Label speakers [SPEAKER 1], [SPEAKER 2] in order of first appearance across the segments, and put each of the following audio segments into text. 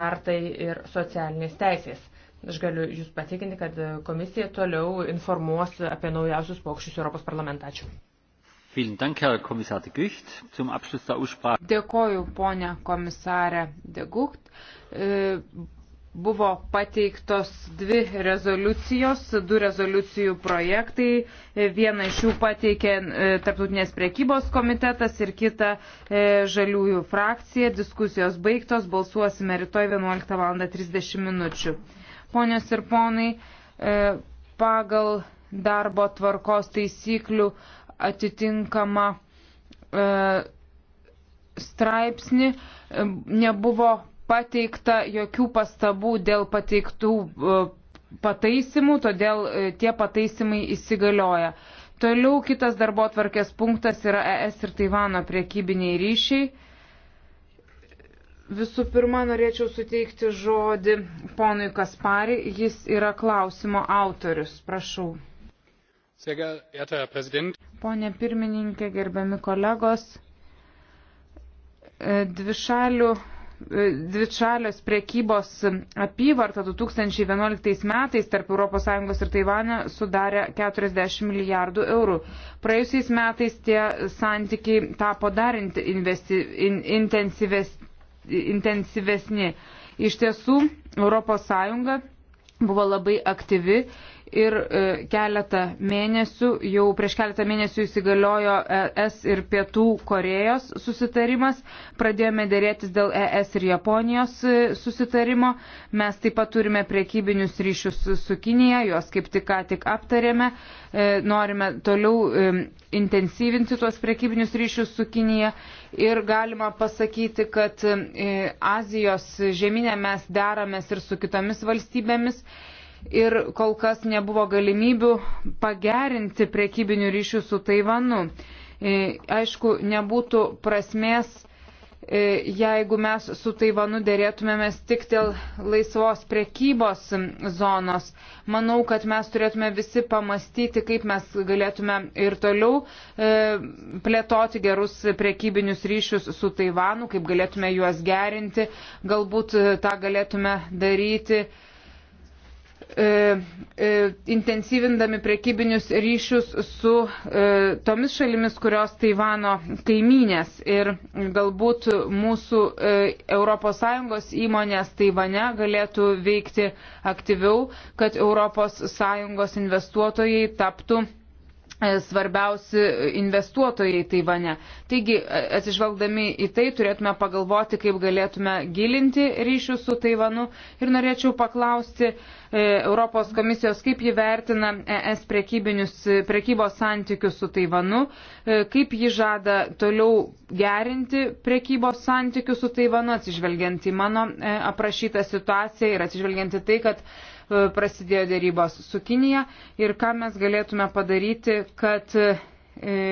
[SPEAKER 1] artai ir socialinės teisės. Aš galiu Jūs patikinti, kad komisija toliau informuos apie naujausius pokščius Europos parlamentačių. Dėkoju, ponė komisarė Degucht.
[SPEAKER 2] E, Buvo pateiktos dvi rezoliucijos, du rezoliucijų projektai. Vieną iš jų pateikė e, Tarptautinės priekybos komitetas ir kitą e, žaliųjų frakcija. Diskusijos baigtos, balsuosime rytoj 11.30 minučių. Ponios ir ponai, e, pagal darbo tvarkos taisyklių atitinkamą straipsnį nebuvo pateikta jokių pastabų dėl pateiktų e, pataisimų, todėl e, tie pataisimai įsigalioja. Toliau kitas darbo tvarkės punktas yra ES ir Taivano priekybiniai ryšiai. Visų pirma, norėčiau suteikti žodį ponui Kaspari, jis yra klausimo autorius. Prašau. Pone pirmininkė, gerbiami kolegos, e, dvišalių E, dvišalios priekybos apyvarta 2011 metais tarp ES ir Taivanio sudarė 40 milijardų eurų. Praėjusiais metais tie santykiai tapo dar investi, in, intensyves, intensyvesni. Iš tiesų, ES buvo labai aktyvi ir e, keletą mėnesių, jau prieš keletą mėnesių įsigaliojo ES ir Pietų Korejos susitarimas, pradėjome dėrėtis dėl ES ir Japonijos e, susitarimo, mes taip pat turime priekybinius ryšius su Kinija, juos kaip tik ką tik aptarėme, e, norime toliau intensyvinti tuos priekybinius ryšius su Kinija ir galima pasakyti, kad Azijos žemynė mes deramės ir su kitomis valstybėmis ir kol kas nebuvo galimybių pagerinti priekybinių ryšių su Taivanu. E, aišku, nebūtų prasmės, e, jeigu mes su Taivanu dėrėtumėmės tik dėl laisvos priekybos zonos. Manau, kad mes turėtume visi pamastyti, kaip mes galėtume ir toliau e, plėtoti gerus priekybinius ryšius su Taivanu, kaip galėtume juos gerinti, galbūt tą galėtume daryti E, e, intensyvindami prekybinius ryšius su e, tomis šalimis, kurios Taivano kaimynės. Ir galbūt mūsų ES įmonės Taivane galėtų veikti aktyviau, kad ES investuotojai taptų E, svarbiausi investuotojai Taivane. Taigi, e, atsižvelgdami į tai, turėtume pagalvoti, kaip galėtume gilinti ryšius su Taivanu. Ir norėčiau paklausti e, Europos komisijos, kaip ji vertina ES prekybos santykius su Taivanu, kaip ji žada toliau gerinti prekybos santykius su Taivanu, atsižvelgiant į mano aprašytą situaciją ir atsižvelgiant į tai, kad E, prasidėjo dėrybos su Kinija ir ką mes galėtume padaryti, kad, e,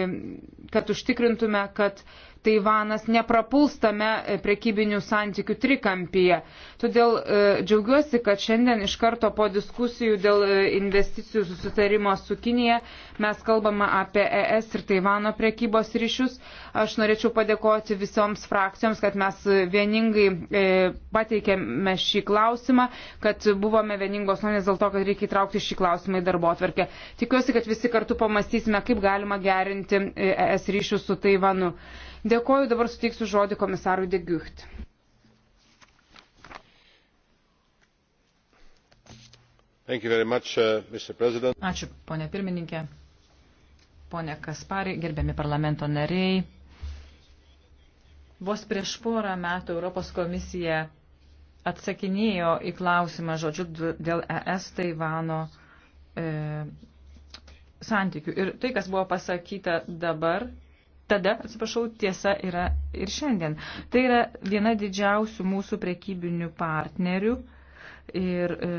[SPEAKER 2] kad užtikrintume, kad Taivanas neprapulstame e, prekybinių santykių trikampyje. Todėl e, džiaugiuosi, kad šiandien iš karto po diskusijų dėl e, investicijų susitarimo su Kinija mes kalbame apie ES ir Taivano prekybos ryšius. Aš norėčiau padėkoti visoms frakcijoms, kad mes vieningai pateikėme šį klausimą, kad buvome vieningos nuomonės dėl to, kad reikia įtraukti šį klausimą į darbo atverkę. Tikiuosi, kad visi kartu pamastysime, kaip galima gerinti ES ryšius su Taivanu. Dėkoju, dabar suteiksiu žodį komisarui Degiucht.
[SPEAKER 3] Much, uh, Ačiū, ponė pirmininkė, ponė Kaspari, gerbiami parlamento nariai. Vos prieš porą metų Europos komisija atsakinėjo į klausimą žodžiu dėl ES Taivano e, santykių. Ir tai, kas buvo pasakyta dabar, tada, atsiprašau, tiesa yra ir šiandien. Tai yra viena didžiausių mūsų prekybinių partnerių. Ir e,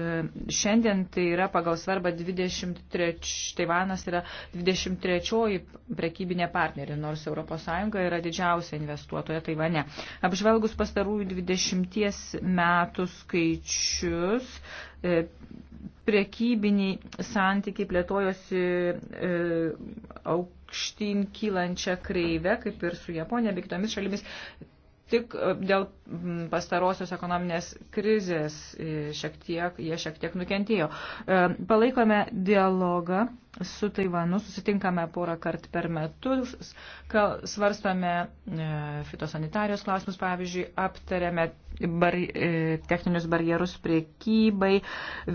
[SPEAKER 3] šiandien tai yra pagal svarbą 23, Taivanas yra 23 prekybinė partnerė, nors ES yra didžiausia investuotoja Taivane. Apžvelgus pastarųjų 20 metų skaičius, e, priekybiniai santykiai plėtojosi e, aukštyn kylančią kreivę, kaip ir su Japonija bei kitomis šalimis tik e, dėl pastarosios ekonominės krizės e, šiek tiek, jie šiek tiek nukentėjo. E, palaikome dialogą su Taivanu, susitinkame porą kart per metus, svarstame fitosanitarijos klausimus, pavyzdžiui, aptariame bar, techninius barjerus priekybai,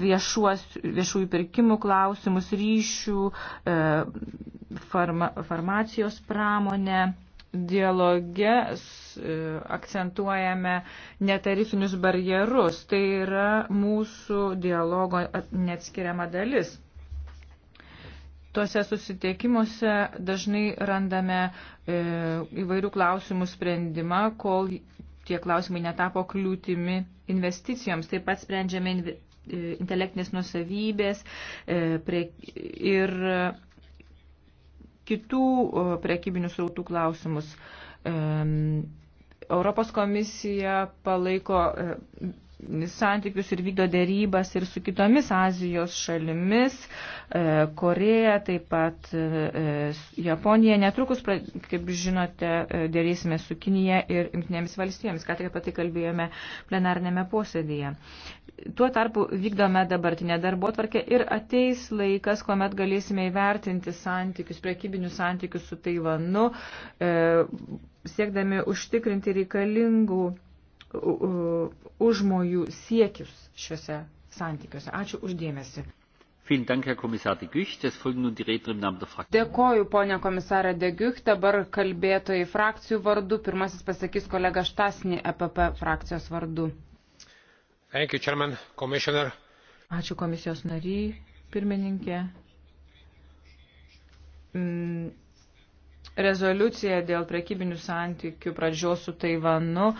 [SPEAKER 3] viešuos, viešųjų pirkimų klausimus, ryšių, farma, farmacijos pramonę dialoge e, akcentuojame netarifinius barjerus. Tai yra mūsų dialogo neatskiriama dalis. Tuose susitikimuose dažnai randame e, įvairių klausimų sprendimą, kol tie klausimai netapo kliūtimi investicijoms. Taip pat sprendžiame e, intelektinės nusavybės e, prie, ir kitų prekybinių srautų klausimus. Europos komisija palaiko santykius ir vykdo dėrybas ir su kitomis Azijos šalimis, e, Koreja, taip pat e, e, Japonija. Netrukus, kaip žinote, dėrėsime su Kinija ir Junktinėmis valstijomis, ką tik apie tai kalbėjome plenarnėme posėdėje. Tuo tarpu vykdome dabartinę darbo tvarkę ir ateis laikas, kuomet galėsime įvertinti santykius, prekybinius santykius su Taivanu, siekdami užtikrinti reikalingų užmojų
[SPEAKER 2] siekius šiuose santykiuose. Ačiū uždėmesi. Dėkoju, ponė komisarė Degiuk. Dabar kalbėtojai frakcijų vardu. Pirmasis pasakys kolega Štasni, EPP frakcijos vardu.
[SPEAKER 1] Thank you, Chairman, Commissioner.
[SPEAKER 2] Ačiū komisijos nary, pirmininkė.
[SPEAKER 3] Mm rezoliucija dėl prekybinių santykių pradžios su Taivanu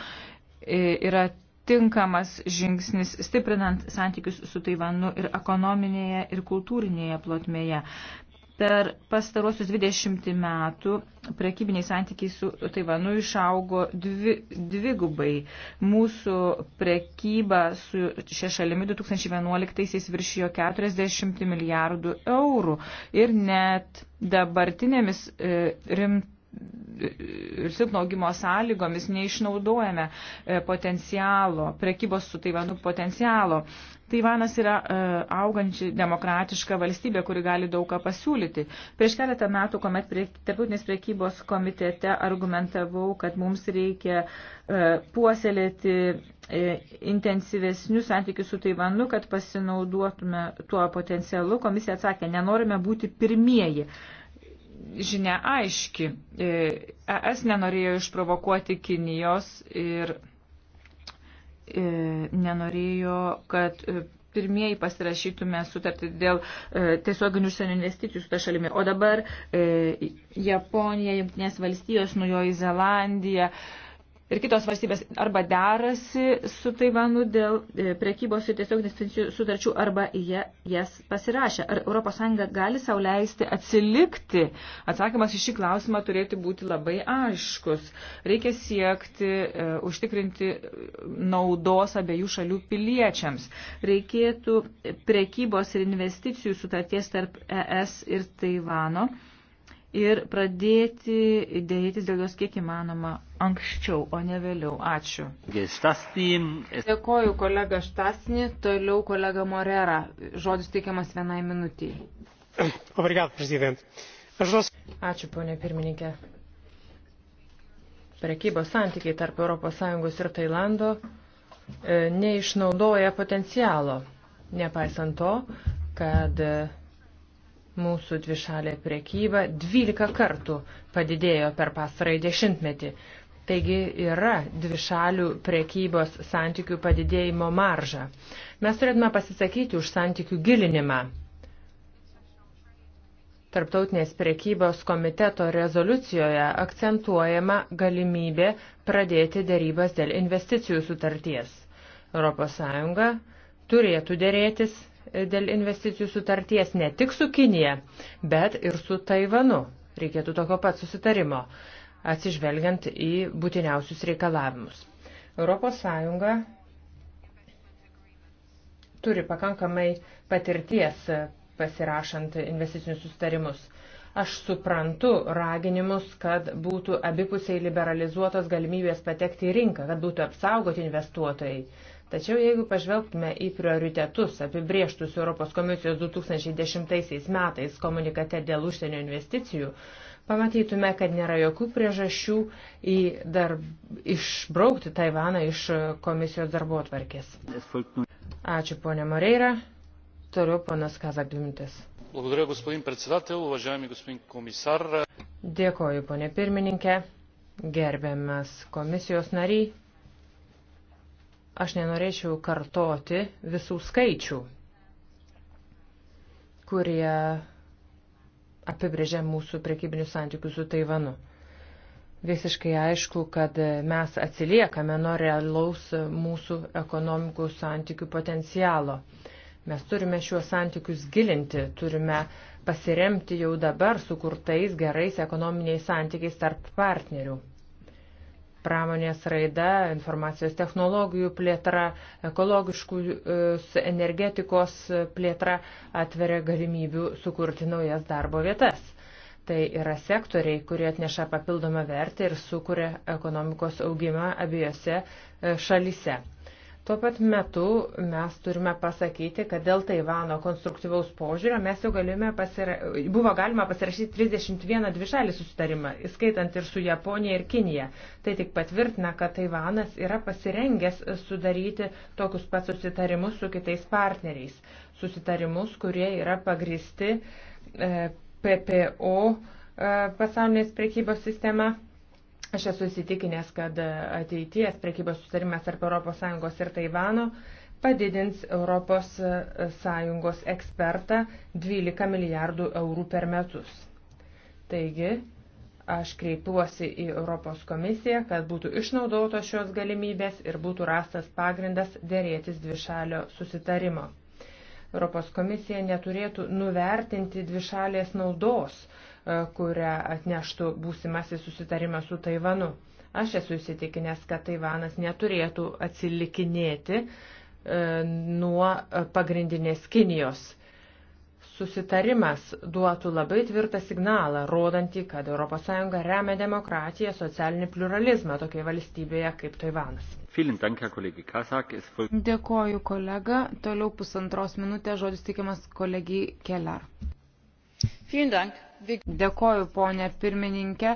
[SPEAKER 3] yra tinkamas žingsnis stiprinant santykius su Taivanu ir ekonominėje ir kultūrinėje plotmėje. Per pastarosius 20 metų prekybiniai santykiai su Taivanu išaugo dvi, dvi gubai. Mūsų prekyba su šia šalimi 2011 viršijo 40 milijardų eurų ir net dabartinėmis e, rimtomis ir silpno augimo sąlygomis neišnaudojame e, potencialo, prekybos su Taivanu potencialo. Taivanas yra e, augančiai demokratiška valstybė, kuri gali daug ką pasiūlyti. Prieš keletą metų, kuomet prie, tarptautinės priekybos komitete argumentavau, kad mums reikia e, puoselėti intensyvesnius santykius su Taivanu, kad pasinaudotume tuo potencialu, komisija atsakė, nenorime būti pirmieji žinia aiški. ES e nenorėjo išprovokuoti Kinijos ir e, nenorėjo, kad e, pirmieji pasirašytume sutartį dėl tiesioginių užsienio investicijų su ta šalimi. O dabar Japonija, Junktinės valstijos, Nujoji Zelandija. E, ir kitos valstybės arba derasi su Taivanu dėl e, prekybos ir tiesioginių sutarčių arba jie jas pasirašė. Ar ES gali savo leisti atsilikti? Atsakymas į šį klausimą turėtų būti labai aiškus. Reikia siekti uh, užtikrinti naudos abiejų šalių piliečiams. Reikėtų prekybos ir investicijų sutarties tarp ES ir Taivano. Uh, ir pradėti dėrėtis dėl jos kiek
[SPEAKER 2] įmanoma anksčiau, o ne vėliau. Ačiū.
[SPEAKER 3] Dėkoju
[SPEAKER 2] kolega Štasni, toliau kolega Morera. Žodis teikiamas vienai minutiai.
[SPEAKER 1] Obrigado, prezident.
[SPEAKER 2] Ačiū,
[SPEAKER 1] ponė pirmininkė. Prekybos santykiai tarp ES ir Tailando e, neišnaudoja potencialo, nepaisant to, kad e, Mūsų dvišalė priekyba 12 kartų padidėjo per pastarąjį dešimtmetį. Taigi yra dvišalių priekybos santykių padidėjimo marža. Mes turėtume pasisakyti už santykių gilinimą. Tarptautinės priekybos komiteto rezoliucijoje akcentuojama galimybė pradėti dėrybas dėl investicijų sutarties. ES turėtų dėrėtis dėl investicijų sutarties ne tik su Kinija, bet ir su Taivanu. Reikėtų tokio pat susitarimo, atsižvelgiant į būtiniausius reikalavimus. ES turi pakankamai patirties pasirašant investicinius sustarimus. Aš suprantu raginimus, kad būtų abipusiai liberalizuotos galimybės patekti į rinką, kad būtų apsaugoti investuotojai. Tačiau jeigu pažvelgtume į prioritetus apibrieštus Europos komisijos 2010 metais komunikate dėl užsienio investicijų, pamatytume, kad nėra jokių priežasčių į darb... išbraukti Taivaną iš komisijos darbo atvarkės. Ačiū, ponė Moreira. Toliau ponas Kazakdimtis. Dėkoju, ponė pirmininkė. Gerbiamas komisijos nariai. Aš nenorėčiau kartoti visų skaičių, kurie apibrėžia mūsų prekybinius santykius su Taivanu. Visiškai aišku, kad mes atsiliekame nuo realaus mūsų ekonomikų santykių potencialo. Mes turime šiuos santykius gilinti, turime pasiremti jau dabar sukurtais gerais ekonominiais santykiais tarp partnerių pramonės raida, informacijos technologijų plėtra, ekologiškų energetikos plėtra atveria galimybių sukurti naujas darbo vietas. Tai yra sektoriai, kurie atneša papildomą vertę ir sukuria ekonomikos augimą abiejose šalise. Tuo pat metu mes turime pasakyti, kad dėl Taivano konstruktyvaus požiūrio mes jau galime pasira... buvo galima pasirašyti 31 dvišalį susitarimą, įskaitant ir su Japonija ir Kinija. Tai tik patvirtina, kad Taivanas yra pasirengęs sudaryti tokius pat susitarimus su kitais partneriais. Susitarimus, kurie yra pagristi e, PPO e, pasaulinės prekybos sistema Aš esu įsitikinęs, kad ateities prekybos sutarimas tarp ES ir Taivano padidins ES ekspertą 12 milijardų eurų per metus. Taigi, aš kreipiuosi į Europos komisiją, kad būtų išnaudotos šios galimybės ir būtų rastas pagrindas dėrėtis dvišalio susitarimo. Europos komisija neturėtų nuvertinti dvišalės naudos, uh, E, kurią atneštų būsimasis susitarimas su Taivanu. Aš esu įsitikinęs, kad Taivanas neturėtų atsilikinėti e, nuo pagrindinės Kinijos. Susitarimas duotų labai tvirtą signalą, rodantį, kad ES remia demokratiją, socialinį pluralizmą tokioje valstybėje kaip Taivanas. Dėkoju,
[SPEAKER 2] kolega. Toliau pusantros minutės žodis tikimas kolegijai Keller. Vielen Dank. Dėkoju, ponė pirmininkė.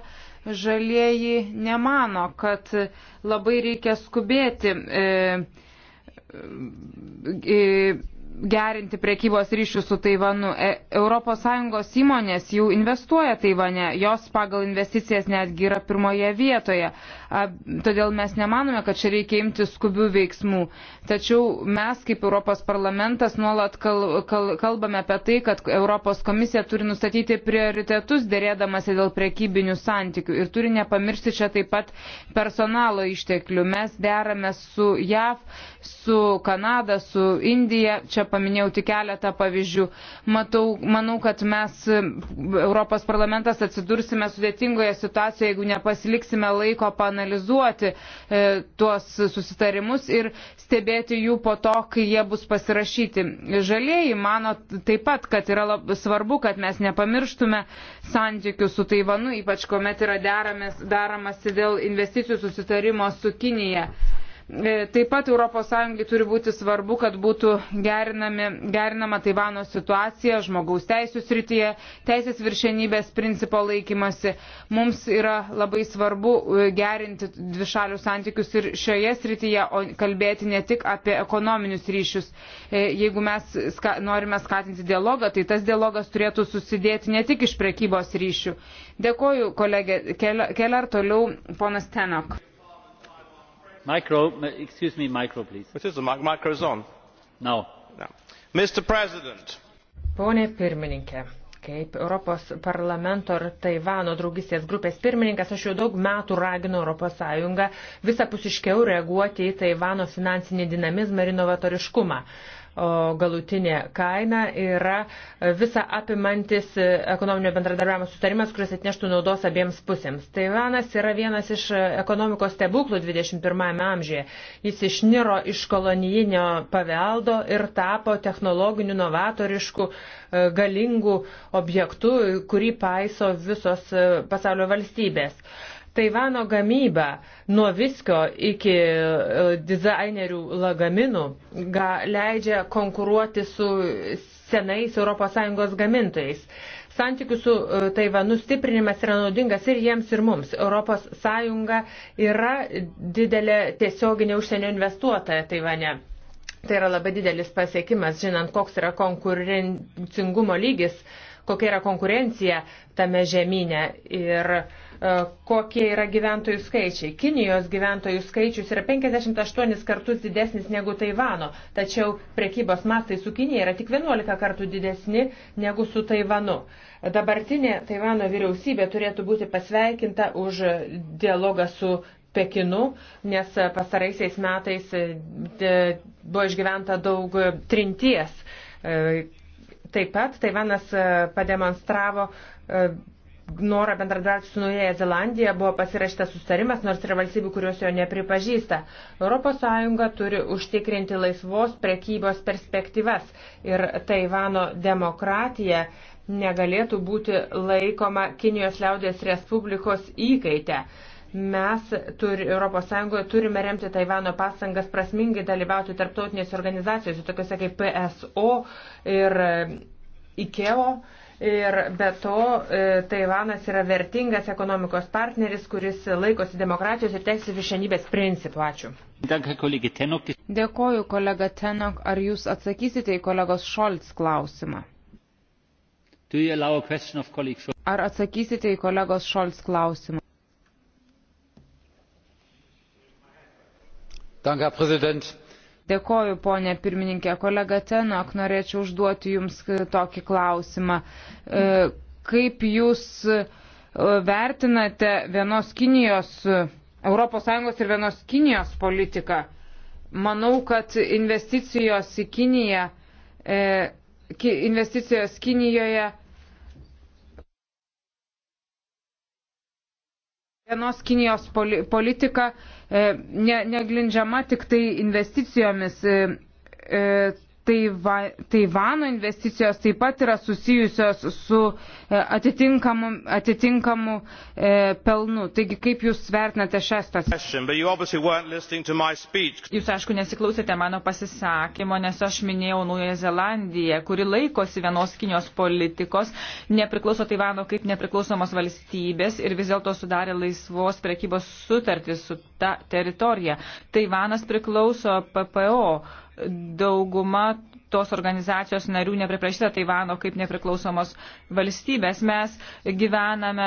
[SPEAKER 2] Žalieji nemano, kad labai reikia skubėti. E, e, gerinti priekybos ryšius su Taivanu. ES įmonės jau investuoja Taivane, jos pagal investicijas netgi yra pirmoje vietoje. Todėl mes nemanome, kad čia reikia imti skubių veiksmų. Tačiau mes kaip Europos parlamentas nuolat kal, kal, kalbame apie tai, kad Europos komisija turi nustatyti prioritetus dėrėdamasi dėl priekybinių santykių ir turi nepamiršti čia taip pat personalo išteklių. Mes deramės su JAV, su Kanada, su Indija. Čia čia paminėjau tik keletą pavyzdžių. Matau, manau, kad mes, Europos parlamentas, atsidursime sudėtingoje situacijoje, jeigu nepasiliksime laiko panalizuoti e, tuos susitarimus ir stebėti jų po to, kai jie bus pasirašyti. Žalieji mano taip pat, kad yra lab, svarbu, kad mes nepamirštume santykių su Taivanu, ypač kuomet yra deramasi dėl investicijų susitarimo su Kinija. E, taip pat ES turi būti svarbu, kad būtų gerinami, gerinama Taivano situacija žmogaus teisų srityje, teisės viršenybės principo laikymasi. Mums yra labai svarbu e, gerinti dvišalių santykius ir šioje srityje, o kalbėti ne tik apie ekonominius ryšius. E, jeigu mes ska norime skatinti dialogą, tai tas dialogas turėtų susidėti ne tik iš prekybos ryšių. Dėkoju, kolegė Keller, toliau ponas
[SPEAKER 1] Tenok pone pirmininke kaip europos parlamento ir taivano draugystės grupės pirmininkas aš jau daug metų raginu europos sąjungą visapusiškiau reaguoti į taivano finansinį dinamizmą ir inovatoriškumą o galutinė kaina yra visa apimantis ekonominio bendradarbiavimo sutarimas, kuris atneštų naudos abiems pusėms. Taivanas yra vienas iš ekonomikos stebuklų 21 amžiuje. Jis išniro iš kolonijinio paveldo ir tapo technologinių, novatoriškų, e, galingų objektų, kurį paiso visos e, pasaulio valstybės. Taivano gamyba nuo viskio iki e, dizainerių lagaminų ga, leidžia konkuruoti su senais ES gamintojais. Santykių su e, Taivanu stiprinimas yra naudingas ir jiems, ir mums. ES yra didelė tiesioginė užsienio investuotoja Taivane. Tai yra labai didelis pasiekimas, žinant, koks yra konkurencingumo lygis uh, kokia yra konkurencija tame žemynė ir e, kokie yra gyventojų skaičiai. Kinijos gyventojų skaičius yra 58 kartus didesnis negu Taivano, tačiau prekybos mastai su Kinija yra tik 11 kartų didesni negu su Taivanu. Dabartinė Taivano vyriausybė turėtų būti pasveikinta už dialogą su Pekinu, nes pastaraisiais metais e, buvo išgyventa daug trinties e, Taip pat Taivanas e, pademonstravo e, norą bendradarbiauti su Naujaja Zelandija, buvo pasirašytas sustarimas, nors yra valstybių, kurios jo nepripažįsta. ES turi užtikrinti laisvos prekybos perspektyvas ir Taivano demokratija negalėtų būti laikoma Kinijos liaudės Respublikos įkaitę. Mes turi, ES turime remti Taivano pastangas prasmingai dalyvauti tarptautinėse organizacijose, tokiuose kaip PSO ir e, IKEO. Ir be to, e, Taivanas yra vertingas ekonomikos partneris, kuris laikosi demokratijos ir teisės viršenybės principų. Ačiū. Dėkoju, kolega
[SPEAKER 2] Tenok. Ar jūs atsakysite į kolegos Šolts klausimą? Ar atsakysite į kolegos Šolts klausimą? herr präsident! Dėkoju, ponė pirmininkė. Kolega Tenok, norėčiau užduoti Jums tokį klausimą. E, kaip Jūs e, vertinate vienos Kinijos, ES ir vienos Kinijos politiką? Manau, kad investicijos į Kiniją, e, investicijos Kinijoje Vienos Kinijos politika e, neglindžiama tik tai investicijomis e, e, Taiva, Taivano investicijos taip pat yra susijusios su e, atitinkamu, atitinkamu e, pelnu. Taigi, kaip Jūs vertinate
[SPEAKER 1] šią staciją?
[SPEAKER 2] Jūs, aišku, nesiklausėte mano pasisakymo,
[SPEAKER 3] nes aš minėjau Naująją Zelandiją, kuri laikosi vienos Kinijos politikos, nepriklauso Taivano kaip nepriklausomos valstybės ir vis dėlto sudarė laisvos prekybos sutartį su ta teritorija. Taivanas priklauso PPO dauguma tos organizacijos narių nepriprašyta Taivano kaip nepriklausomos valstybės. Mes gyvename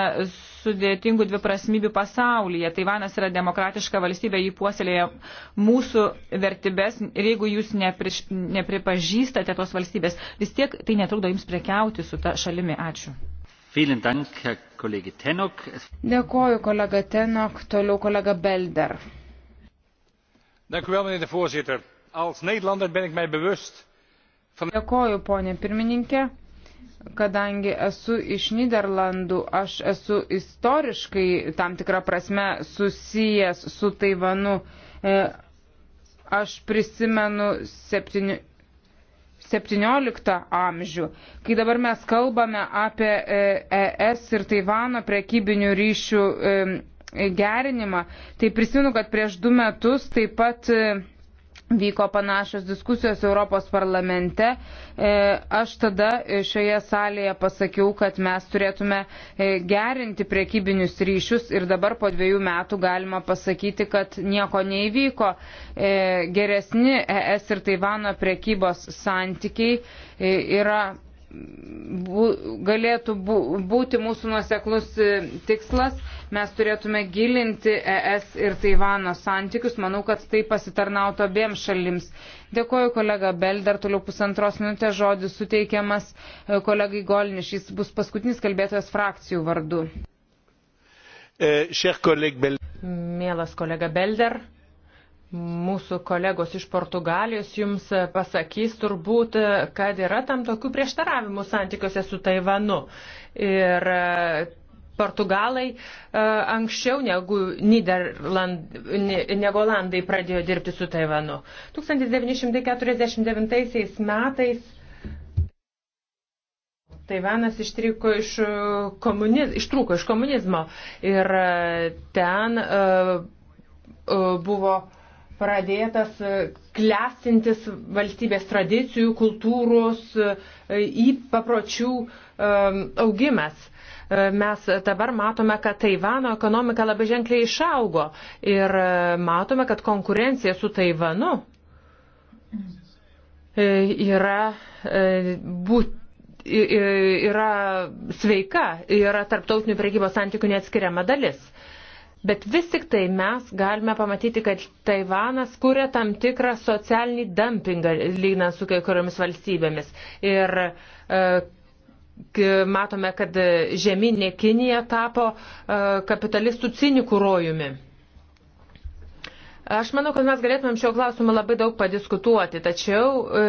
[SPEAKER 3] sudėtingų dviprasmybių pasaulyje. Taivanas yra demokratiška valstybė, jį puoselėja mūsų vertybės. Ir jeigu jūs nepri, nepripažįstate tos valstybės, vis tiek tai netrukdo jums prekiauti su ta šalimi. Ačiū.
[SPEAKER 2] Dėkoju, kolega Tenok. Toliau kolega Belder.
[SPEAKER 3] Dank u wel, meneer de voorzitter als Nederlander ben ik
[SPEAKER 2] mij bewust van. Dėkoju, ponė pirmininkė. Kadangi esu iš Niderlandų, aš esu istoriškai tam tikrą prasme susijęs su Taivanu. E, aš prisimenu 7. 17 amžių, kai dabar mes kalbame apie ES e ir Taivano prekybinių ryšių e, gerinimą, tai prisimenu, kad prieš du metus taip pat vyko panašios diskusijos Europos parlamente. E, aš tada šioje salėje pasakiau, kad mes turėtume e, gerinti priekybinius ryšius ir dabar po dviejų metų galima pasakyti, kad nieko neįvyko. E, geresni ES ir Taivano priekybos santykiai yra galėtų būti mūsų nuoseklus e, tikslas. Mes turėtume gilinti ES ir Taivano santykius. Manau, kad tai pasitarnautų abiem šalims. Dėkuoju kolega Bel, dar toliau pusantros minutės žodis suteikiamas e, kolegai Golniš. Jis bus
[SPEAKER 1] paskutinis kalbėtojas frakcijų vardu. E, Mielas kolega Belder, Mūsų kolegos iš Portugalijos jums pasakys turbūt, kad yra tam tokių prieštaravimų santykiuose su Taivanu. Ir e, Portugalai e, anksčiau negu, Niderland, negu Olandai pradėjo dirbti su Taivanu. 1949 metais Taivanas ištriko iš, e, komuniz, ištrūko iš komunizmo ir ten uh, uh, buvo uh, pradėtas e, klestintis valstybės tradicijų, kultūros, e, įpapročių e, augimas mes dabar matome, kad Taivano ekonomika labai ženkliai išaugo ir matome, kad konkurencija su Taivanu yra, būt, yra sveika, yra tarptautinių prekybos santykių neatskiriama dalis. Bet vis tik tai mes galime pamatyti, kad Taivanas kuria tam tikrą socialinį dumpingą lygnant su kai kuriomis valstybėmis. Ir e, matome, kad žemynė Kinija tapo e, kapitalistų cinikų rojumi. Aš manau, kad mes galėtumėm šio klausimu labai daug padiskutuoti, tačiau e,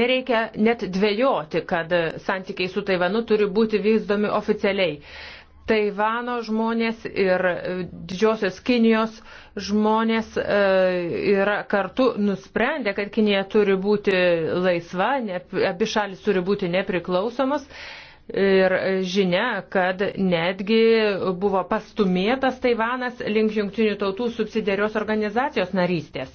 [SPEAKER 1] nereikia net dvėjoti, kad santykiai su Taivanu turi būti vykdomi oficialiai. E, Taivano žmonės ir e, didžiosios Kinijos žmonės e, yra kartu nusprendę, kad Kinija turi būti laisva, ne, abi šalis turi būti nepriklausomas ir žinia, kad netgi buvo pastumėtas Taivanas link jungtinių tautų subsidiarios organizacijos narystės.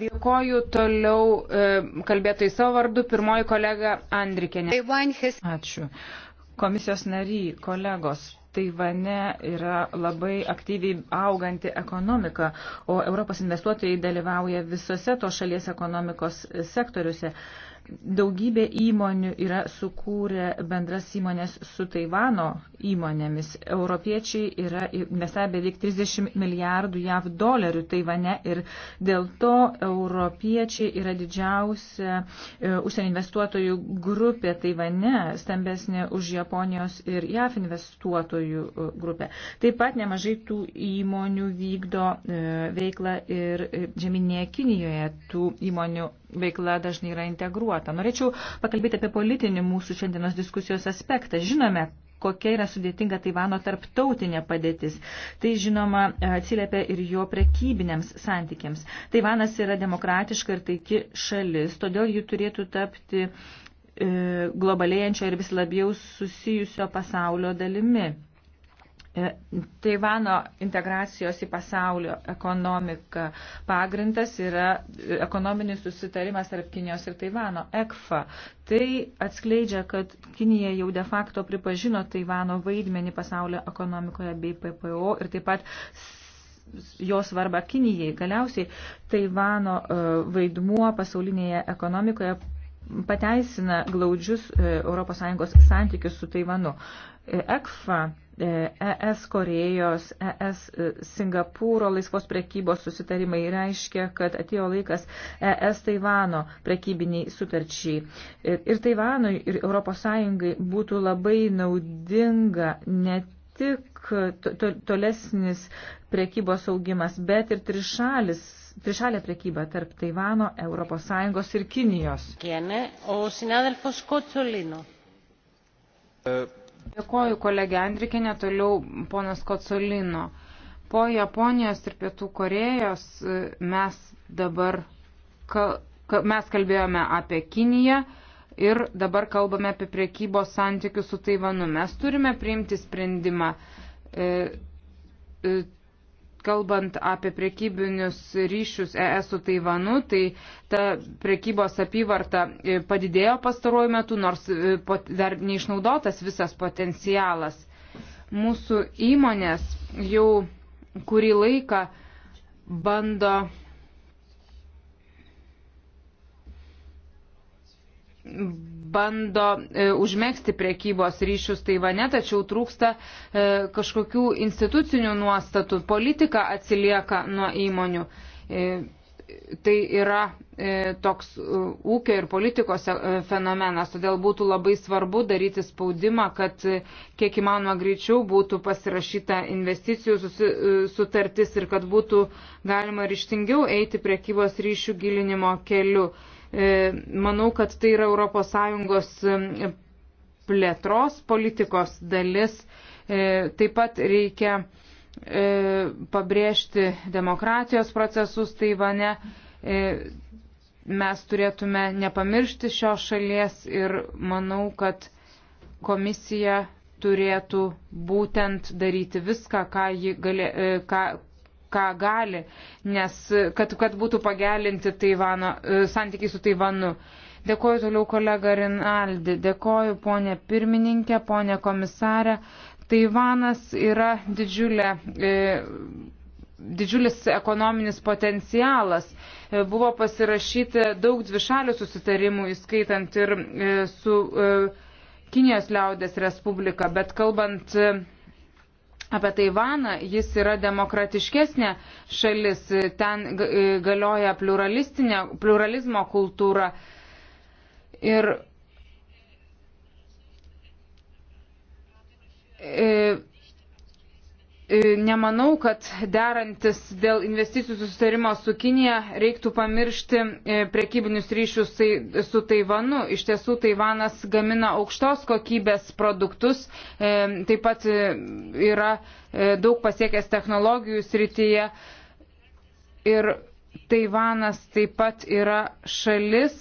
[SPEAKER 2] Dėkoju toliau e, kalbėtojai savo vardu, pirmoji kolega Andrikėnė. Ačiū. Komisijos nariai,
[SPEAKER 3] kolegos, Taivane yra labai aktyviai auganti ekonomika, o Europos investuotojai dalyvauja visose to šalies ekonomikos sektoriuose. Daugybė įmonių yra sukūrę bendras įmonės su Taivano įmonėmis. Europiečiai yra investavę beveik 30 milijardų JAV dolerių Taivane ir dėl to europiečiai yra didžiausia e, užsienio investuotojų grupė Taivane, stambesnė už Japonijos ir JAV investuotojų e, grupę. Taip pat nemažai tų įmonių vykdo e, veiklą ir e, žeminėje Kinijoje tų įmonių veikla dažnai yra integruota subalansuota. Norėčiau pakalbėti apie politinį mūsų šiandienos diskusijos aspektą. Žinome, kokia yra sudėtinga Taivano tarptautinė padėtis. Tai, žinoma, atsiliepia ir jo prekybiniams santykiams. Taivanas yra demokratiška ir taiki šalis, todėl ji turėtų tapti e, globalėjančio ir vis labiau susijusio pasaulio dalimi. E, Taivano integracijos į pasaulio ekonomiką pagrindas yra ekonominis susitarimas tarp Kinijos ir Taivano, ECFA. Tai atskleidžia, kad Kinija jau de facto pripažino Taivano vaidmenį pasaulio ekonomikoje bei PPO ir taip pat jo svarbą Kinijai. Galiausiai Taivano e, vaidmuo pasaulinėje ekonomikoje pateisina glaudžius ES santykius su Taivanu. E, ECFA ES Korejos, ES Singapūro laisvos prekybos susitarimai reiškia, kad atėjo laikas ES Taivano prekybiniai sutarčiai. Ir Taivanui, ir ES būtų labai naudinga ne tik to, tolesnis prekybos augimas, bet ir trišalis trišalė prekyba tarp Taivano, ES ir Kinijos. Kiene,
[SPEAKER 2] o Dėkoju kolegė Andrikinė, toliau ponas Kocolino. Po Japonijos ir Pietų Korejos e, mes dabar mes kalbėjome apie Kiniją ir dabar kalbame apie priekybos santykius su Taivanu. Mes turime priimti sprendimą. E, e, kalbant apie prekybinius ryšius ES su Taivanu, tai ta prekybos apyvarta e, padidėjo pastaruoju metu, nors e, dar neišnaudotas visas potencialas. Mūsų įmonės jau kurį laiką bando bando e, užmėgsti priekybos ryšius Taivane, tačiau trūksta e, kažkokių institucinių nuostatų. Politika atsilieka nuo įmonių. E, tai yra e, toks e, ūkio ir politikos e, fenomenas, todėl būtų labai svarbu daryti spaudimą, kad kiek įmanoma greičiau būtų pasirašyta investicijų sutartis ir kad būtų galima ryštingiau eiti priekybos ryšių gilinimo keliu. Manau, kad tai yra ES plėtros politikos dalis. Taip pat reikia E, pabrėžti demokratijos procesus Taivane. E, mes turėtume nepamiršti šios šalies ir manau, kad komisija turėtų būtent daryti viską, ką, gali, e, ką, ką gali, nes kad, kad būtų pagelinti Taivano, santykiai su Taivanu. Dėkoju toliau kolega Rinaldi, dėkoju ponė pirmininkė, ponė komisarė. Taivanas yra didžiulė. E, didžiulis ekonominis potencialas. E, buvo pasirašyti daug dvišalių susitarimų, įskaitant ir e, su e, Kinijos liaudės Respublika, bet kalbant apie Taivaną, jis yra demokratiškesnė šalis, ten galioja pluralizmo kultūra. Ir E, e, nemanau, kad derantis dėl investicijų susitarimo su Kinija reiktų pamiršti e, prekybinius ryšius tai, su Taivanu. Iš tiesų, Taivanas gamina aukštos kokybės produktus, taip pat yra daug pasiekęs technologijų srityje. Ir Taivanas taip pat yra šalis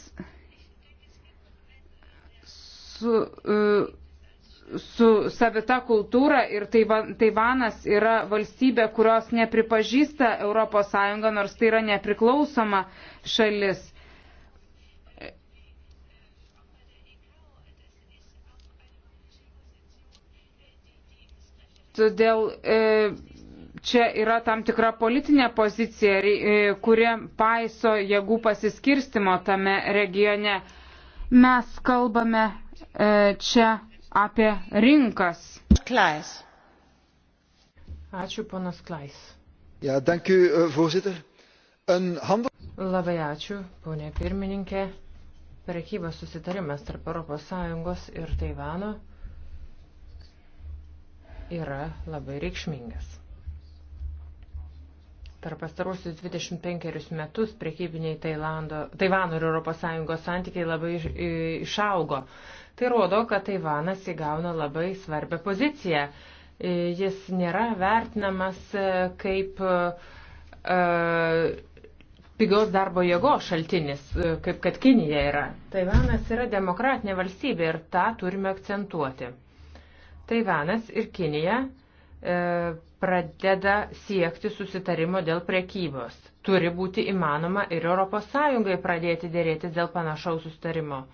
[SPEAKER 2] su. Uh, su savita kultūra ir Taivanas yra valstybė, kurios nepripažįsta ES, nors tai yra nepriklausoma šalis. Todėl e, čia yra tam tikra politinė pozicija, e, kuri paiso jėgų pasiskirstimo tame regione. Mes kalbame e, čia apie rinkas.
[SPEAKER 1] Klais. Ačiū, ponas Klais.
[SPEAKER 2] Ja, dank u, eh, voorzitter.
[SPEAKER 1] Een handel... Labai ačiū, ponė pirmininkė. Prekybos susitarimas tarp ES ir Taivano yra labai reikšmingas. Per pastarosius 25 metus priekybiniai Tailando, Taivano ir ES santykiai labai išaugo. Tai rodo, kad Taivanas įgauna labai svarbę poziciją. E, jis nėra vertinamas e, kaip e, pigios darbo jėgos šaltinis, kaip kad Kinija yra. Taivanas yra demokratinė valstybė ir tą turime akcentuoti. Taivanas ir Kinija e, pradeda siekti susitarimo dėl prekybos. Turi būti įmanoma ir ES pradėti dėrėtis dėl panašaus susitarimo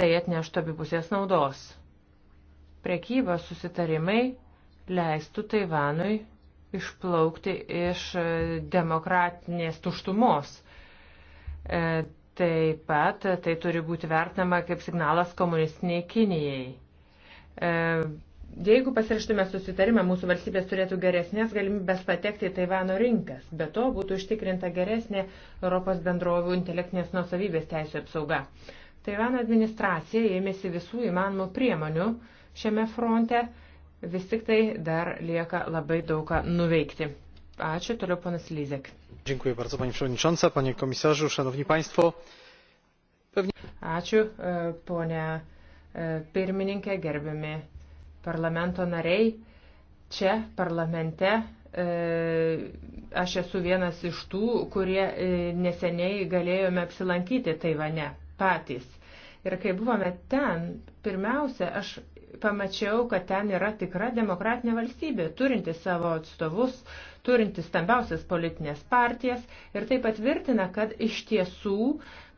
[SPEAKER 1] tai atneštų abipusės naudos. Prekybos susitarimai leistų Taivanui išplaukti iš e, demokratinės tuštumos. E, taip pat e, tai turi būti vertinama kaip signalas komunistiniai Kinijai. Jeigu pasiraštume susitarimą, mūsų valstybės turėtų geresnės galimybės patekti į Taivano rinkas. Be to būtų užtikrinta geresnė Europos bendrovių intelektinės nusavybės teisų apsauga. Taivano administracija ėmėsi visų įmanomų priemonių šiame fronte, vis tik tai dar lieka labai daugą nuveikti. Ačiū, toliau ponas Lyzek. Dziękuję bardzo, panie przewodnicząca, panie komisarzu, szanowni państwo. Pewnie... Ačiū, e, ponė e, pirmininkė, gerbiami parlamento nariai. Čia parlamente e, aš esu vienas iš tų, kurie neseniai galėjome apsilankyti Taivane patys. Ir kai buvome ten, pirmiausia, aš pamačiau, kad ten yra tikra demokratinė valstybė, turinti savo atstovus, turinti stambiausias politinės partijas ir tai patvirtina, kad iš tiesų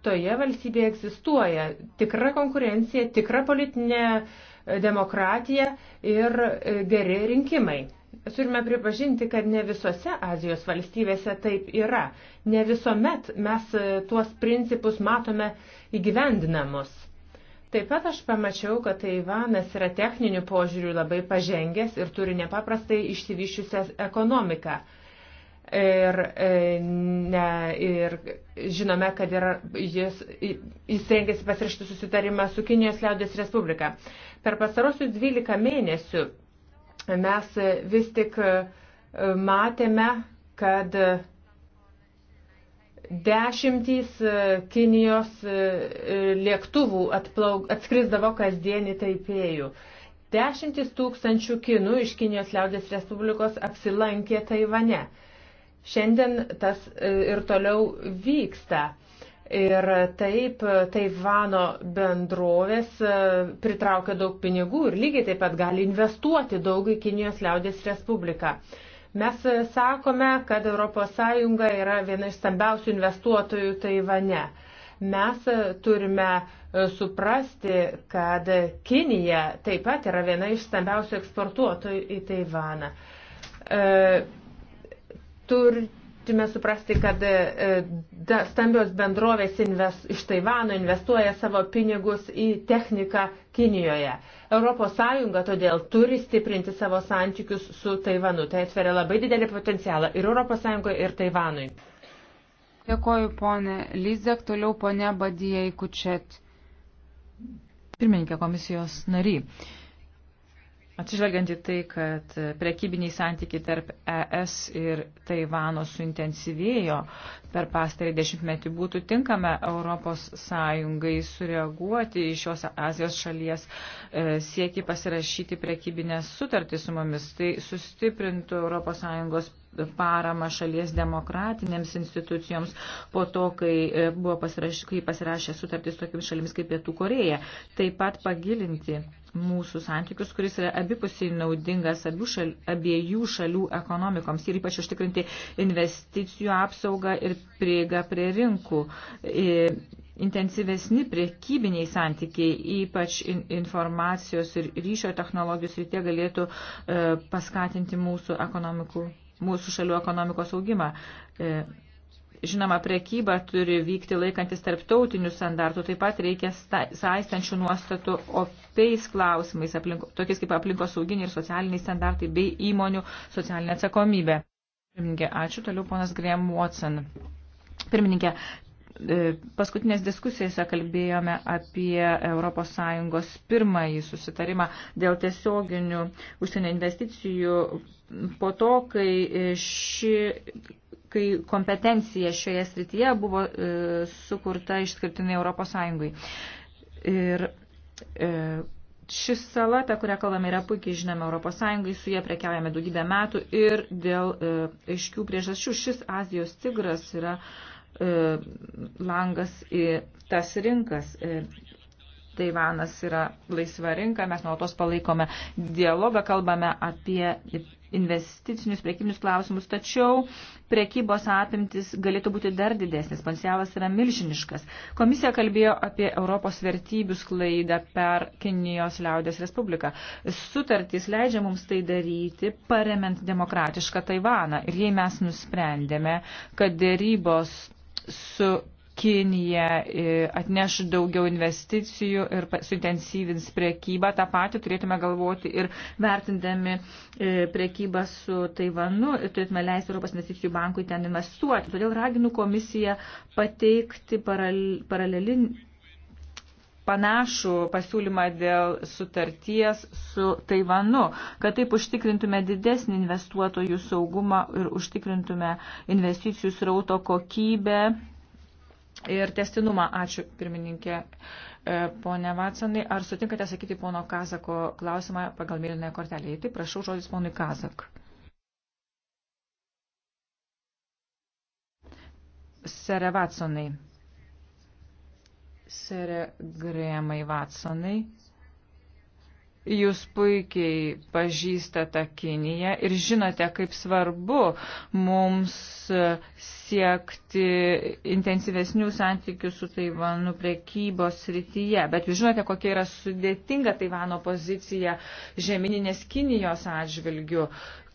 [SPEAKER 1] toje valstybėje egzistuoja tikra konkurencija, tikra politinė demokratija ir e, geri rinkimai turime pripažinti, kad ne visose Azijos valstybėse taip yra. Ne visuomet mes e, tuos principus matome įgyvendinamus. Taip pat aš pamačiau, kad Taivanas yra techninių požiūrių labai pažengęs ir turi nepaprastai išsivyščiusią ekonomiką. Ir, e, ne, ir žinome, kad yra, jis, jis rengėsi pasirašyti susitarimą su Kinijos liaudės Respublika. Per pastarosius 12 mėnesių mes vis tik e, matėme, kad dešimtys e, Kinijos e, lėktuvų atplauk, atskrisdavo kasdienį taipėjų. Dešimtys tūkstančių kinų iš Kinijos liaudės Respublikos apsilankė Taivane. Šiandien tas ir toliau vyksta. Ir taip Taivano bendrovės e, pritraukia daug pinigų ir lygiai taip pat gali investuoti daug į Kinijos liaudės Respubliką. Mes e, sakome, kad ES yra viena iš stambiausių investuotojų Taivane. Mes e, turime suprasti, kad Kinija taip pat yra viena iš stambiausių eksportuotojų į Taivaną. E, tur, Turime suprasti, kad e, stambios bendrovės invest, iš Taivano investuoja savo pinigus į techniką Kinijoje. ES todėl turi stiprinti savo santykius su Taivanu. Tai atveria labai didelį potencialą ir ES, ir Taivanui. Dėkoju, ponė Lizek, toliau ponė Badijai Kučet.
[SPEAKER 3] Pirmininkė komisijos nariai. Atsižvelgiant į tai, kad prekybiniai santykiai tarp ES ir Taivano suintensyvėjo per pastarį dešimtmetį, būtų tinkama ES sureaguoti į šios Azijos šalies e, siekį pasirašyti prekybinę sutartį su mumis. Tai sustiprintų ES parama šalies demokratinėms institucijoms po to, kai, e, buvo pasiraš, kai pasirašė sutartis tokiams šalims kaip Pietų Koreja. Taip pat pagilinti mūsų santykius, kuris yra abipusiai naudingas šal, abiejų šalių ekonomikoms ir ypač užtikrinti investicijų apsaugą ir prieigą prie rinkų. Intensyvesni priekybiniai santykiai, ypač informacijos ir ryšio technologijos rytie galėtų e, paskatinti mūsų, mūsų šalių ekonomikos augimą. E, žinoma, prekyba turi vykti laikantis tarptautinių standartų, taip pat reikia saistančių nuostatų opiais klausimais, aplinko, tokiais kaip aplinkos sauginiai ir socialiniai standartai bei įmonių socialinė atsakomybė. Pirmininkė, ačiū. Toliau ponas Graham Watson. Pirmininkė, E, paskutinės diskusijose kalbėjome apie ES pirmąjį susitarimą dėl tiesioginių užsienio investicijų po to, kai ši kai kompetencija šioje srityje buvo e, sukurta išskirtinai Europos Sąjungai. Ir e, ši sala, apie kurią kalbame, yra puikiai žinoma Europos Sąjungai, su jie prekiaujame daugybę metų ir dėl e, aiškių priežasčių šis Azijos tigras yra E, langas į tas rinkas. E, Taivanas yra laisva rinka, mes nuolatos palaikome dialogą, kalbame apie investicinius priekybinius klausimus, tačiau priekybos apimtis galėtų būti dar didesnis, potencialas yra milžiniškas. Komisija kalbėjo apie Europos vertybių sklaidą per Kinijos liaudės Respubliką. Sutartys leidžia mums tai daryti, paremant demokratišką Taivaną. Ir jei mes nusprendėme, kad dėrybos su Kinija e, atneš daugiau investicijų ir suintensyvins priekybą. Ta pati turėtume galvoti ir vertindami e, priekybą su Taivanu ir turėtume leisti Europos investicijų bankui ten investuoti. Todėl raginu komisiją pateikti paral, paralelinį panašų pasiūlymą dėl sutarties su Taivanu, kad taip užtikrintume didesnį investuotojų saugumą ir užtikrintume investicijų srauto kokybę ir testinumą. Ačiū, pirmininkė. E, pone Vatsanai, ar sutinkate sakyti pono Kazako klausimą pagal mėlynąją kortelę? Jei taip, prašau žodis ponui Kazak. Sere Vatsonai. Sere Grėmai Vatsonai, Jūs puikiai pažįstate Kiniją ir žinote, kaip svarbu mums siekti intensyvesnių santykių su Taivanu prekybos srityje. Bet jūs žinote, kokia yra sudėtinga Taivano pozicija žemyninės Kinijos atžvilgių.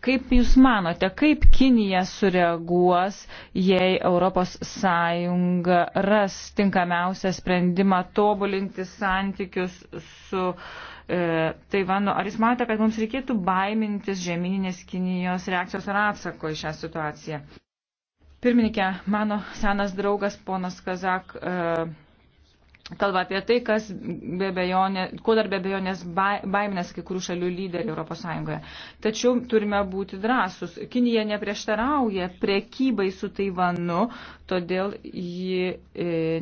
[SPEAKER 3] Kaip Jūs manote, kaip Kinija sureaguos, jei ES ras tinkamiausią sprendimą tobulinti santykius su e, Taivanu? Ar Jūs manote, kad mums reikėtų baimintis žemyninės Kinijos reakcijos ar atsako į šią situaciją? Pirmininkė, mano senas draugas ponas Kazak. E, kalba apie tai, kas be bejonė, ko dar be bejonės baiminasi kai kurių šalių lyderiai Europos Sąjungoje. Tačiau turime būti drąsus. Kinija neprieštarauja prekybai su Taivanu, todėl ji e,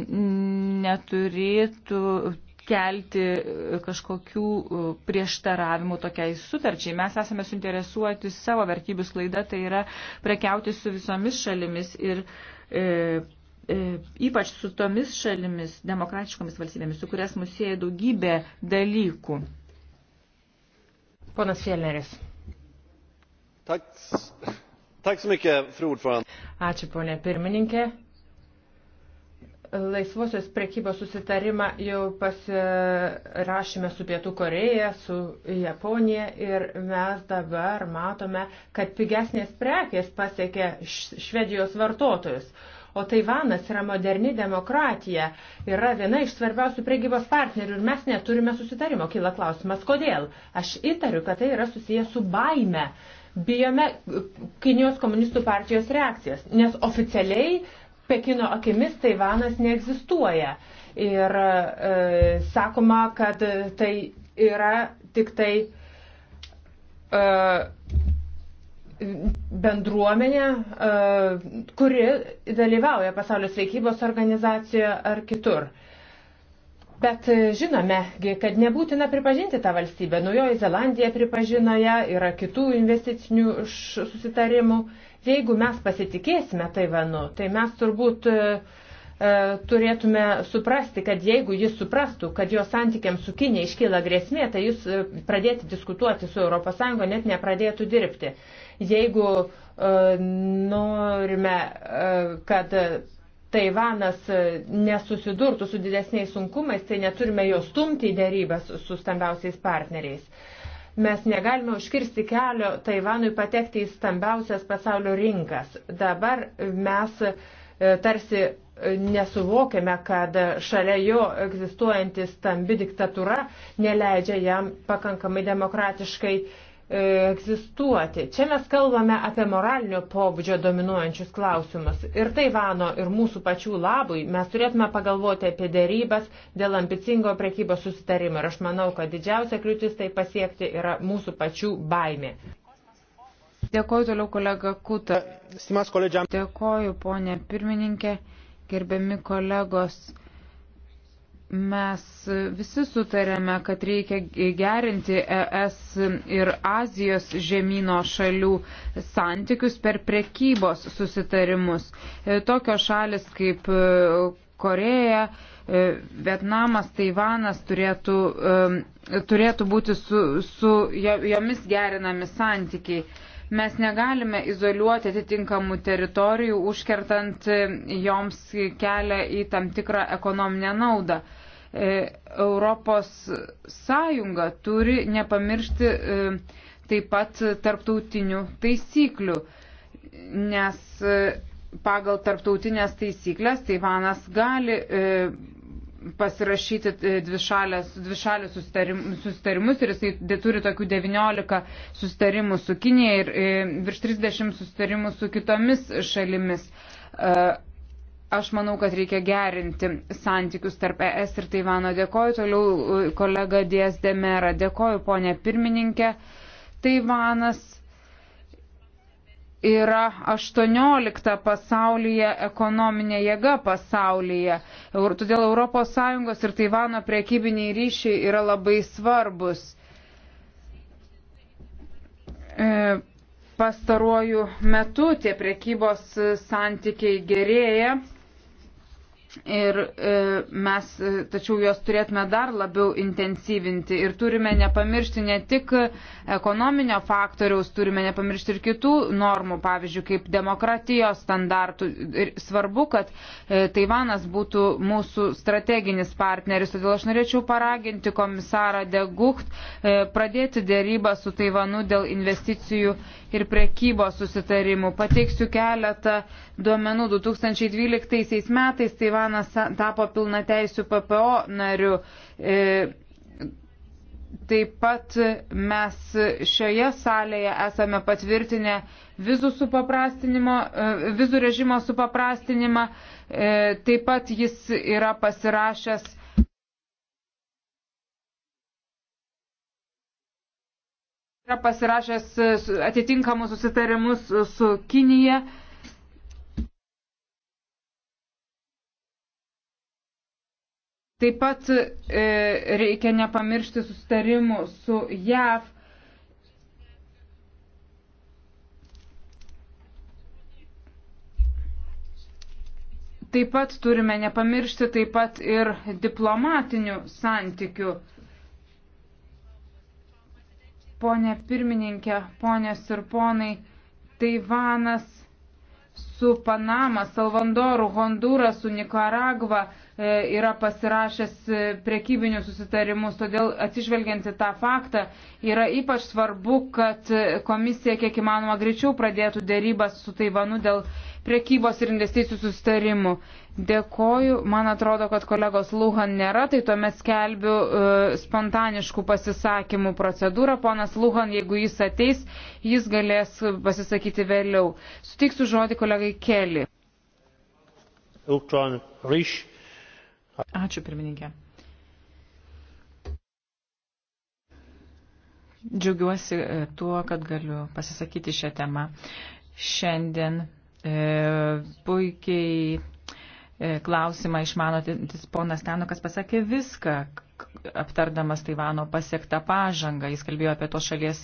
[SPEAKER 3] neturėtų kelti e, kažkokių e, prieštaravimų tokiai sutarčiai. Mes esame suinteresuoti savo vertybių sklaida, tai yra prekiauti su visomis šalimis ir e, E, ypač su tomis šalimis, demokratiškomis valstybėmis, su
[SPEAKER 1] kurias mus sieja daugybė dalykų. Ponas Fielneris. Ačiū, ponė pirmininkė. Laisvosios prekybos susitarimą jau pasirašėme su Pietų Koreja, su Japonija ir mes dabar matome, kad pigesnės prekės pasiekė Švedijos vartotojus O Taivanas yra moderni demokratija, yra viena iš svarbiausių priegybos partnerių ir mes neturime susitarimo. Kyla klausimas, kodėl? Aš įtariu, kad tai yra susijęs su baime. Bijome Kinijos komunistų partijos reakcijas, nes oficialiai Pekino akimis Taivanas neegzistuoja. Ir e, sakoma, kad tai yra tik tai e, bendruomenę, e, kuri dalyvauja pasaulio sveikybos organizacijoje ar kitur. Bet e, žinome, kad nebūtina pripažinti tą valstybę. Naujoji Zelandija pripažino ją, yra kitų investicinių susitarimų. Jeigu mes pasitikėsime Taivanu, tai mes turbūt e, turėtume suprasti, kad jeigu jis suprastų, kad jo santykiams su Kinė iškyla grėsmė, tai jis pradėti diskutuoti su ES net nepradėtų dirbti. Jeigu uh, norime, uh, kad Taivanas e, nesusidurtų su didesniais sunkumais, tai neturime jo stumti į dėrybas su stambiausiais partneriais. Mes negalime užkirsti kelio Taivanui patekti į stambiausias pasaulio rinkas. Dabar mes tarsi nesuvokiame, kad šalia jo egzistuojanti stambi diktatūra neleidžia jam pakankamai demokratiškai uh, E, egzistuoti. Čia mes kalbame apie moralinio pobūdžio dominuojančius klausimus. Ir Taivano, ir mūsų pačių labui mes turėtume pagalvoti apie dėrybas dėl ambicingo prekybos susitarimo. Ir aš manau, kad didžiausia kliūtis tai pasiekti yra mūsų pačių baimė. Dėkoju toliau kolega Kuta. Dėkoju,
[SPEAKER 2] ponė pirmininkė, gerbiami kolegos. Mes visi sutarėme, kad reikia gerinti ES ir Azijos žemynų šalių santykius per prekybos susitarimus. E, tokios šalis kaip e, Koreja, e, Vietnamas, Taivanas turėtų, turėtų būti su, su jomis gerinami santykiai mes negalime izoliuoti atitinkamų teritorijų, užkertant joms kelią į tam tikrą ekonominę naudą. E, Europos Sąjunga turi nepamiršti e, taip pat tarptautinių taisyklių, nes e, pagal tarptautinės taisyklės Taivanas gali pasirašyti dvišalius dvi susitarimus ir jisai turi tokių 19 susitarimų su Kinėje ir virš 30 susitarimų su kitomis šalimis. Aš manau, kad reikia gerinti santykius tarp ES ir Taivano. Dėkoju toliau kolega Dies Demera. Dėkoju, ponė pirmininkė. Taivanas yra 18 pasaulyje ekonominė jėga pasaulyje. Todėl ES ir Taivano priekybiniai ryšiai yra labai svarbus. E, pastaruoju metu tie priekybos santykiai gerėja. Ir e, mes, e, tačiau juos turėtume dar labiau intensyvinti ir turime nepamiršti ne tik ekonominio faktoriaus, turime nepamiršti ir kitų normų, pavyzdžiui, kaip demokratijos standartų. Ir svarbu, kad e, Taivanas būtų mūsų strateginis partneris, todėl aš norėčiau paraginti komisarą Degucht e, pradėti dėrybą su Taivanu dėl investicijų ir prekybos susitarimų. Pateiksiu keletą duomenų. 2012 metais Taivanas tapo pilna teisų PPO nariu. E, Taip pat mes šioje salėje esame patvirtinę vizų, e, vizų režimo supaprastinimą. E, taip pat jis yra pasirašęs yra pasirašęs e, atitinkamus susitarimus su Kinija. Taip pat e, reikia nepamiršti susitarimų su JAV. Taip pat turime nepamiršti taip pat ir diplomatinių santykių. Pone pirmininkė, ponės ir ponai, Taivanas su Panama, Salvadoru, Hondurasu, Nikaragva E, yra pasirašęs e, prekybinius susitarimus, todėl atsižvelgiant į tą faktą yra ypač svarbu, kad komisija kiek įmanoma greičiau pradėtų dėrybas su Taivanu dėl prekybos ir investicijų susitarimų. Dėkoju, man atrodo, kad kolegos Luhan nėra, tai tuomet skelbiu e, spontaniškų pasisakymų procedūrą. Ponas Luhan, jeigu jis ateis, jis galės pasisakyti vėliau. Sutiksiu žodį kolegai Keli.
[SPEAKER 1] Ultron, ryš.
[SPEAKER 3] Ačiū, pirmininkė. Džiaugiuosi e, tuo, kad galiu pasisakyti šią temą. Šiandien e, puikiai e, klausimą išmanotis ponas Tenukas pasakė viską, aptardamas Taivano pasiektą pažangą. Jis kalbėjo apie to šalies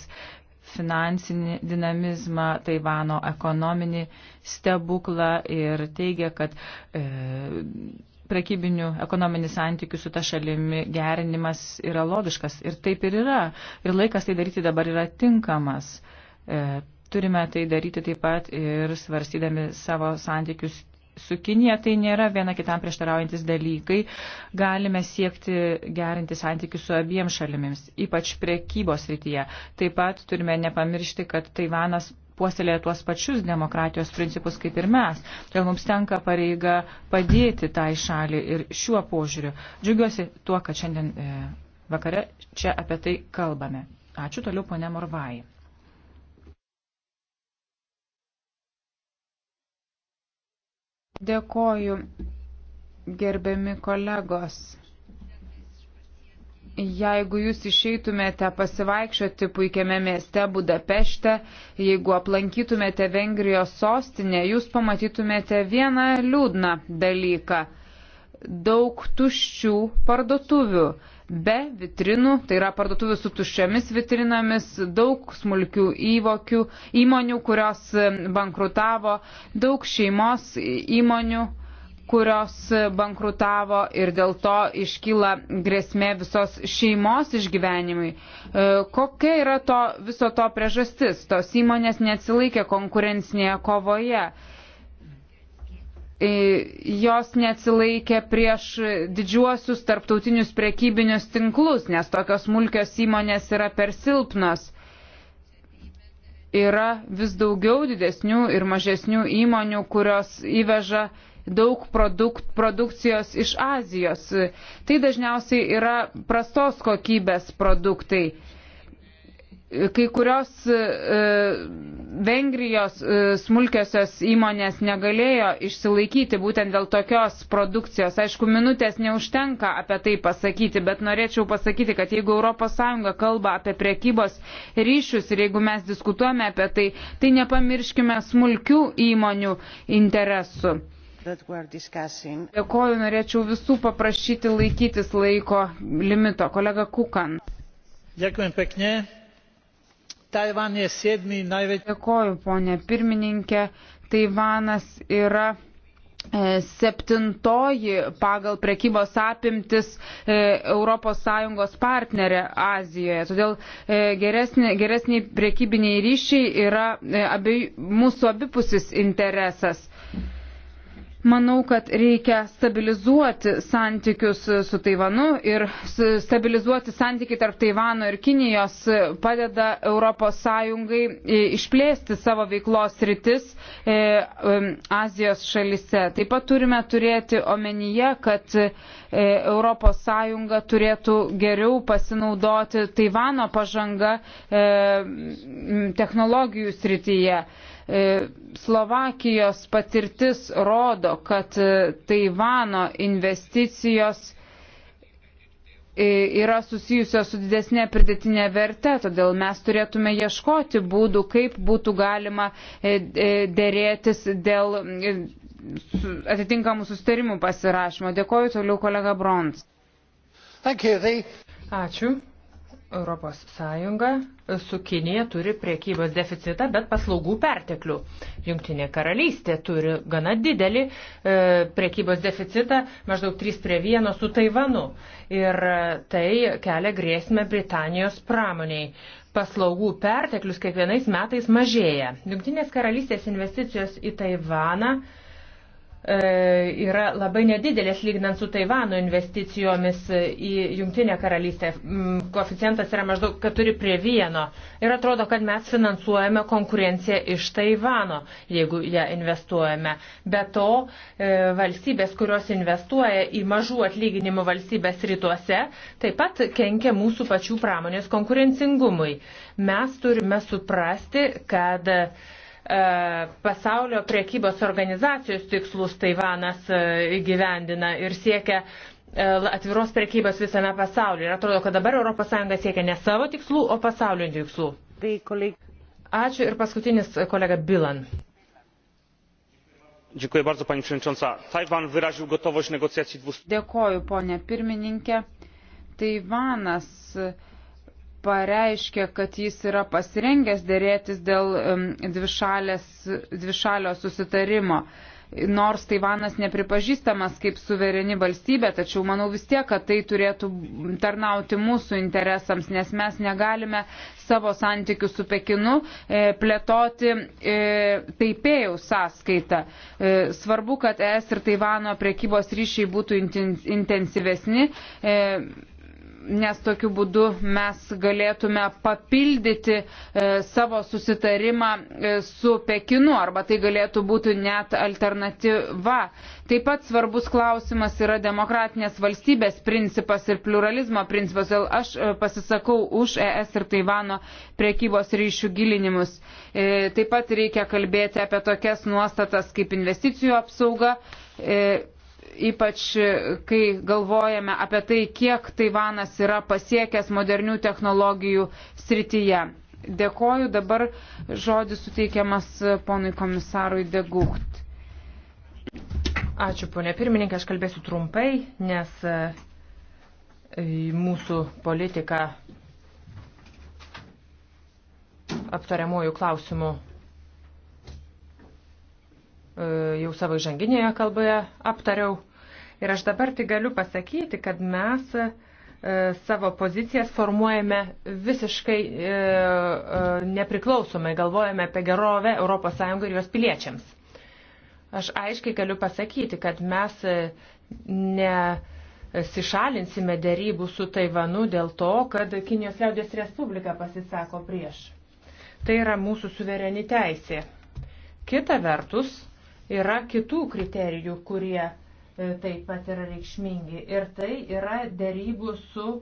[SPEAKER 3] finansinį dinamizmą, Taivano ekonominį stebuklą ir teigia, kad e, prekybinių ekonominių santykių su ta šalimi gerinimas yra logiškas. Ir taip ir yra. Ir laikas tai daryti dabar yra tinkamas. E, turime tai daryti taip pat ir svarstydami savo santykius su Kinija tai nėra viena kitam prieštaraujantis dalykai. Galime siekti gerinti santykius su abiem šalimims, ypač priekybos rytyje. Taip pat turime nepamiršti, kad Taivanas puoselėja tuos pačius demokratijos principus kaip ir mes. Todėl mums tenka pareiga padėti tai šaliai ir šiuo požiūriu. Džiugiuosi tuo, kad šiandien e, vakare čia apie tai kalbame. Ačiū toliau, ponė Morvai.
[SPEAKER 2] Dėkoju, gerbiami kolegos. Jeigu jūs išeitumėte pasivaikščioti puikiame mieste Budapešte, jeigu aplankytumėte Vengrijos sostinę, jūs pamatytumėte vieną liūdną dalyką - daug tuščių parduotuvių. Be vitrinų, tai yra parduotuvių su tuščiamis vitrinomis, daug smulkių įvokių, įmonių, kurios bankrutavo, daug šeimos įmonių kurios bankrutavo ir dėl to iškyla grėsmė visos šeimos išgyvenimui. E, kokia yra to, viso to priežastis? Tos įmonės neatsilaikė konkurencinėje kovoje. E, jos neatsilaikė prieš didžiuosius tarptautinius prekybinius tinklus, nes tokios smulkios įmonės yra per silpnos yra vis daugiau didesnių ir mažesnių įmonių, kurios įveža daug produkt, produkcijos iš Azijos. Tai dažniausiai yra prastos kokybės produktai. Kai kurios e, Vengrijos e, smulkiosios įmonės negalėjo išsilaikyti būtent dėl tokios produkcijos. Aišku, minutės neužtenka apie tai pasakyti, bet norėčiau pasakyti, kad jeigu ES kalba apie priekybos ryšius ir jeigu mes diskutuojame apie tai, tai nepamirškime smulkių įmonių interesų.
[SPEAKER 1] Dėkoju,
[SPEAKER 2] norėčiau visų paprašyti laikytis laiko limito. Kolega Kukan. Dėkuojam pekne. Taivan je sėdmi največ... Dėkoju, ponė pirmininkė. Taivanas yra e, septintoji pagal prekybos apimtis ES partnerė Azijoje. Todėl e, geresni, geresniai prekybiniai ryšiai yra e, abi, mūsų abipusis interesas. Manau, kad reikia stabilizuoti santykius su Taivanu ir stabilizuoti santykiai tarp Taivano ir Kinijos padeda ES e, išplėsti savo veiklos rytis e, Azijos šalise. Taip pat turime turėti omenyje, kad ES turėtų geriau pasinaudoti Taivano pažanga e, technologijų srityje. E, Slovakijos patirtis rodo, kad e, Taivano investicijos e, yra susijusios su didesnė pridėtinė verte, todėl mes turėtume ieškoti būdų, kaip būtų galima dėrėtis dėl atitinkamų sustarimų pasirašymo. Dėkoju toliau kolega Brons.
[SPEAKER 1] Ačiū. Europos Sąjunga su Kinėje turi priekybos deficitą, bet paslaugų perteklių. Junktinė karalystė turi gana didelį e, priekybos deficitą, maždaug 3 prie 1 su Taivanu. Ir e, tai kelia grėsmę Britanijos pramoniai. Paslaugų perteklius kiekvienais metais mažėja. Junktinės karalystės investicijos į Taivaną e, E, yra labai nedidelės lyginant su Taivano investicijomis e, į Jungtinę karalystę. Mm, koeficientas yra maždaug 4 prie 1. Ir atrodo, kad mes finansuojame konkurenciją iš Taivano, jeigu ją investuojame. Be to, e, valstybės, kurios investuoja į mažų atlyginimų valstybės rytuose, taip pat kenkia mūsų pačių pramonės konkurencingumui. Mes turime suprasti, kad uh, E, pasaulio priekybos organizacijos tikslus Taivanas e, įgyvendina ir siekia e, atviros priekybos visame pasaulyje. Ir atrodo, kad dabar ES siekia ne savo tikslų, o pasaulio tikslų. Tai, Ačiū ir paskutinis kolega Bilan. Dziękuję bardzo Pani Przewodnicząca. Tajwan wyraził gotowość negocjacji dwustronnych.
[SPEAKER 2] Dėkoju, ponė pirmininkė. Taivanas pareiškė, kad jis yra pasirengęs dėrėtis dėl dvišalės, dvišalio susitarimo. Nors Taivanas nepripažįstamas kaip suvereni valstybė, tačiau manau vis tiek, kad tai turėtų tarnauti mūsų interesams, nes mes negalime savo santykių su Pekinu e, plėtoti e, Taipėjaus sąskaitą. E, svarbu, kad ES ir Taivano prekybos ryšiai būtų intensyvesni. E, nes tokiu būdu mes galėtume papildyti e, savo susitarimą e, su Pekinu, arba tai galėtų būti net alternatyva. Taip pat svarbus klausimas yra demokratinės valstybės principas ir pluralizmo principas. Dėl aš e, pasisakau už ES ir Taivano priekybos ryšių gilinimus. Taip pat reikia kalbėti apie tokias nuostatas kaip investicijų apsauga ypač e, kai galvojame apie tai, kiek Taivanas yra pasiekęs modernių technologijų srityje. Dėkoju, dabar žodis suteikiamas e, ponui komisarui Degucht.
[SPEAKER 1] Ačiū, ponė pirmininkė, aš kalbėsiu trumpai, nes e, mūsų politika aptariamųjų klausimų E, jau savo žanginėje kalboje aptariau. Ir aš dabar tik galiu pasakyti, kad mes e, savo pozicijas formuojame visiškai e, nepriklausomai, galvojame apie gerovę ES ir jos piliečiams. Aš aiškiai galiu pasakyti, kad mes nesišalinsime dėrybų su Taivanu dėl to, kad Kinijos liaudės Respublika pasisako prieš. Tai yra mūsų suvereni teisė. Kita vertus, Yra kitų kriterijų, kurie e, taip pat yra reikšmingi. Ir tai yra dėrybų su e,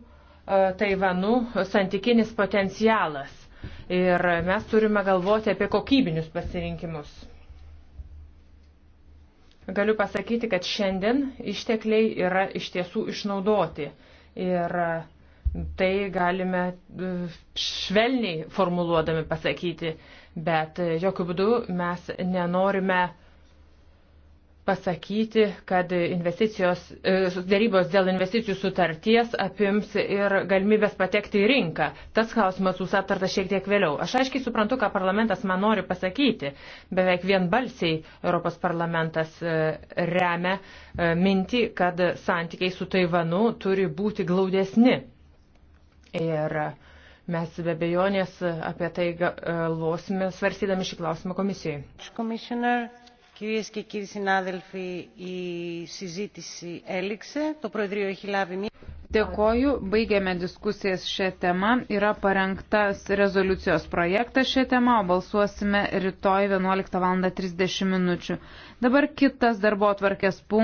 [SPEAKER 1] Taivanu santykinis potencialas. Ir mes turime galvoti apie kokybinius pasirinkimus. Galiu pasakyti, kad šiandien ištekliai yra iš tiesų išnaudoti. Ir e, tai galime švelniai formuluodami pasakyti, bet jokių būdų mes nenorime pasakyti, kad e, dėrybos dėl investicijų sutarties apims ir galimybės patekti į rinką. Tas klausimas bus aptartas šiek tiek vėliau. Aš aiškiai suprantu, ką parlamentas man nori pasakyti. Beveik vienbalsiai Europos parlamentas e, remia e, mintį, kad santykiai su Taivanu turi būti glaudesni. Ir mes be bejonės apie tai galvosime svarstydami šį klausimą komisijai.
[SPEAKER 3] Κυρίες και κύριοι συνάδελφοι,
[SPEAKER 2] η συζήτηση έληξε. Το Προεδρείο έχει λάβει μία... Dėkoju, baigėme diskusijas šią temą. Yra parengtas rezoliucijos projektas šią temą, o balsuosime rytoj 11 val. 30 min. Dabar kitas darbo atvarkės punktas.